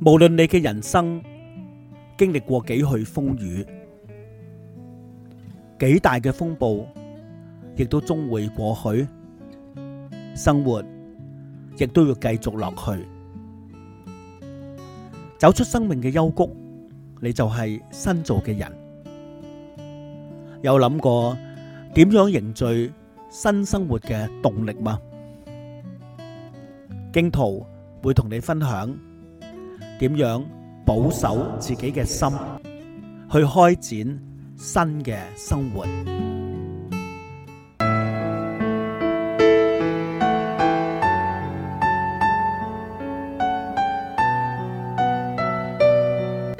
無論你嘅人生經歷過幾許風雨，幾大嘅風暴，亦都終會過去。生活亦都要繼續落去，走出生命嘅幽谷，你就係新造嘅人。有諗過點樣凝聚新生活嘅動力嗎？荊徒會同你分享。點樣保守自己嘅心，去開展新嘅生活，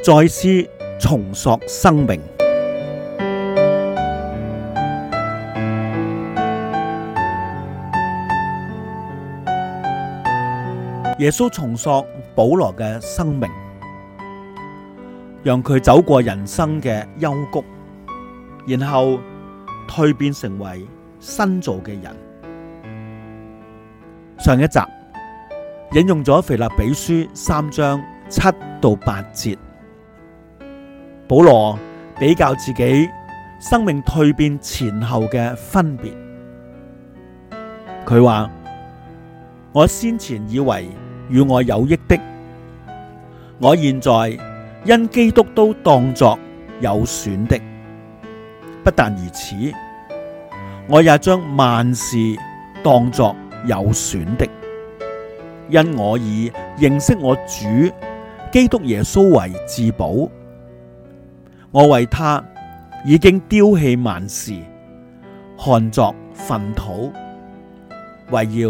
再思重塑生命。耶穌重塑保羅嘅生命，讓佢走過人生嘅幽谷，然後蛻變成為新造嘅人。上一集引用咗腓立比書三章七到八節，保羅比較自己生命蛻變前後嘅分別。佢話：我先前以為與我有益的，我現在因基督都當作有損的。不但如此，我也將萬事當作有損的，因我以認識我主基督耶穌為至寶。我為他已經丟棄萬事，看作糞土，為要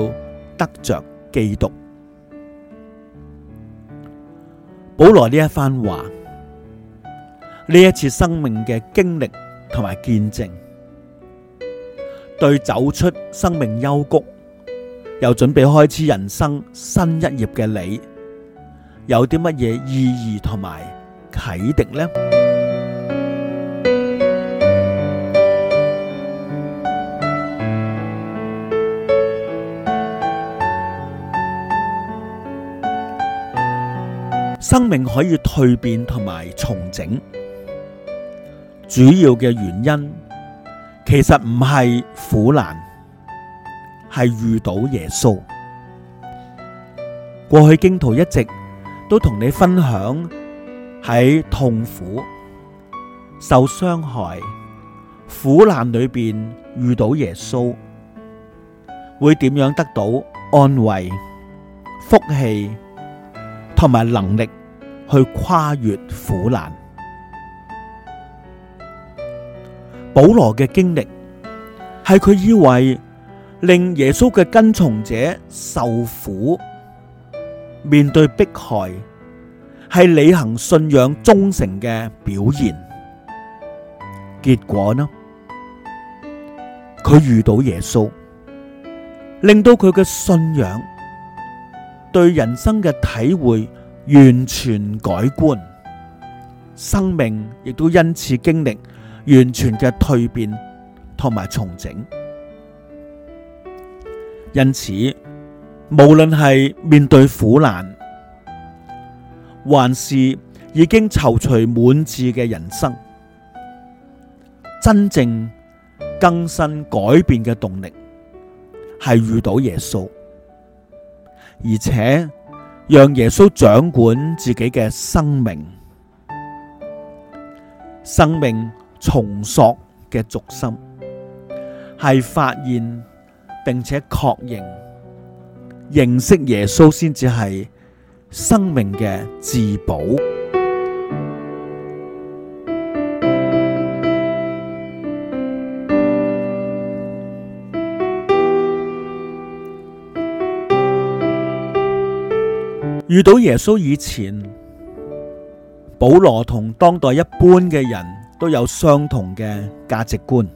得着基督。保羅呢一番話，呢一次生命嘅經歷同埋見證，對走出生命幽谷，又準備開始人生新一頁嘅你，有啲乜嘢意義同埋啟迪呢？生命可以蛻變同埋重整，主要嘅原因其實唔係苦難，係遇到耶穌。過去荊徒一直都同你分享喺痛苦、受傷害、苦難裏面遇到耶穌，會點樣得到安慰、福氣，同埋能力去跨越苦難。保羅嘅經歷係佢以為令耶穌嘅跟從者受苦、面對迫害，係履行信仰忠誠嘅表現。結果呢，佢遇到耶穌，令到佢嘅信仰。對人生嘅體會完全改觀，生命亦都因此經歷完全嘅蛻變同埋重整。因此，無論係面對苦難，還是已經躊躇滿志嘅人生，真正更新改變嘅動力係遇到耶穌。而且讓耶穌掌管自己嘅生命，生命重塑嘅軸心，係發現並且確認認識耶穌先至係生命嘅至寶。遇到耶穌以前，保羅同當代一般嘅人都有相同嘅價值觀，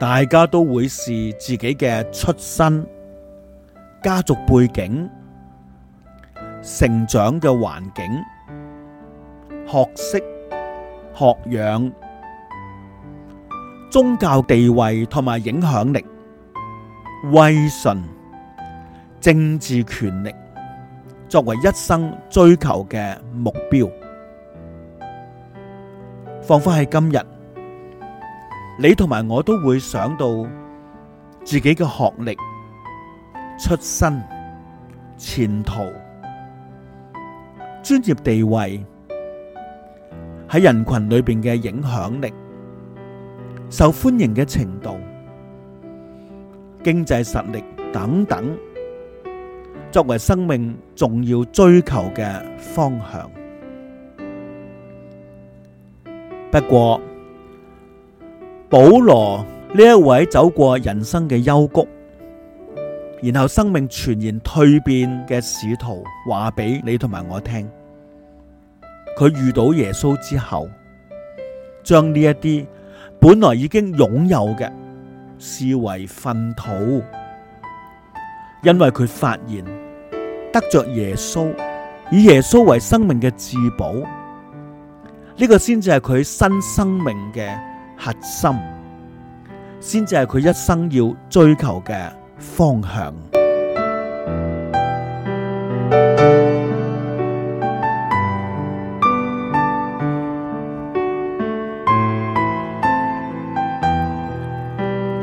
大家都會視自己嘅出身、家族背景、成長嘅環境、學識、學養、宗教地位同埋影響力、威信、政治權力。作為一生追求嘅目標，仿佛喺今日，你同埋我都會想到自己嘅學歷、出身、前途、專業地位喺人群裏邊嘅影響力、受歡迎嘅程度、經濟實力等等。作為生命重要追求嘅方向，不過保羅呢一位走過人生嘅幽谷，然後生命全然蛻變嘅使徒，話俾你同埋我聽，佢遇到耶穌之後，將呢一啲本來已經擁有嘅視為糞土，因為佢發現。得着耶穌，以耶穌為生命嘅至寶，呢個先至係佢新生命嘅核心，先至係佢一生要追求嘅方向。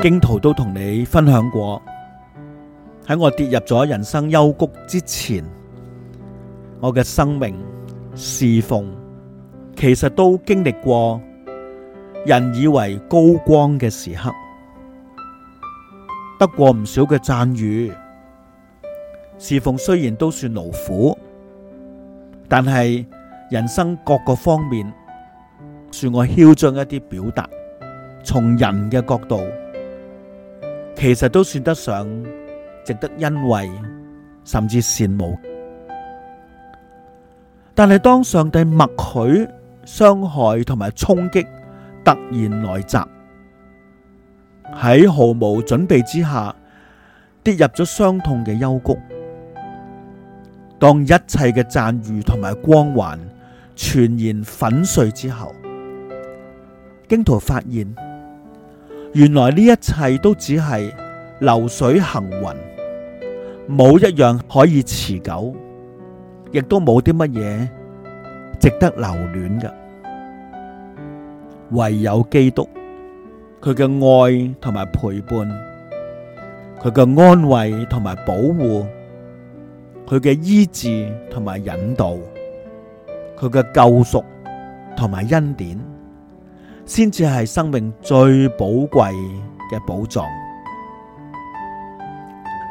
荊徒都同你分享過。喺我跌入咗人生幽谷之前，我嘅生命侍奉其實都經歷過人以為高光嘅時刻，得過唔少嘅讚譽。侍奉雖然都算勞苦，但係人生各個方面算我囂張一啲表達，從人嘅角度，其實都算得上值得欣慰，甚至羨慕。但係當上帝默許傷害同埋衝擊突然來襲，喺毫無準備之下跌入咗傷痛嘅幽谷。當一切嘅讚譽同埋光環全然粉碎之後，荊徒發現原來呢一切都只係流水行雲。冇一樣可以持久，亦都冇啲乜嘢值得留戀嘅。唯有基督，佢嘅愛同埋陪伴，佢嘅安慰同埋保護，佢嘅醫治同埋引導，佢嘅救贖同埋恩典，先至係生命最寶貴嘅寶藏。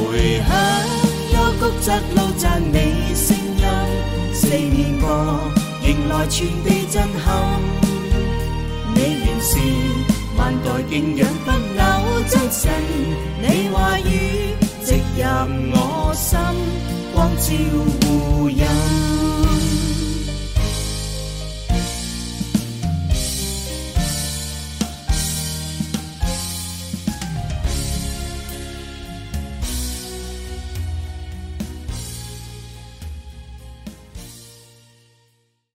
回響幽谷窄路，讚你聲音四面播，迎來全地震撼。你原是萬代敬仰不朽精神，你話語直入我心，光照互引。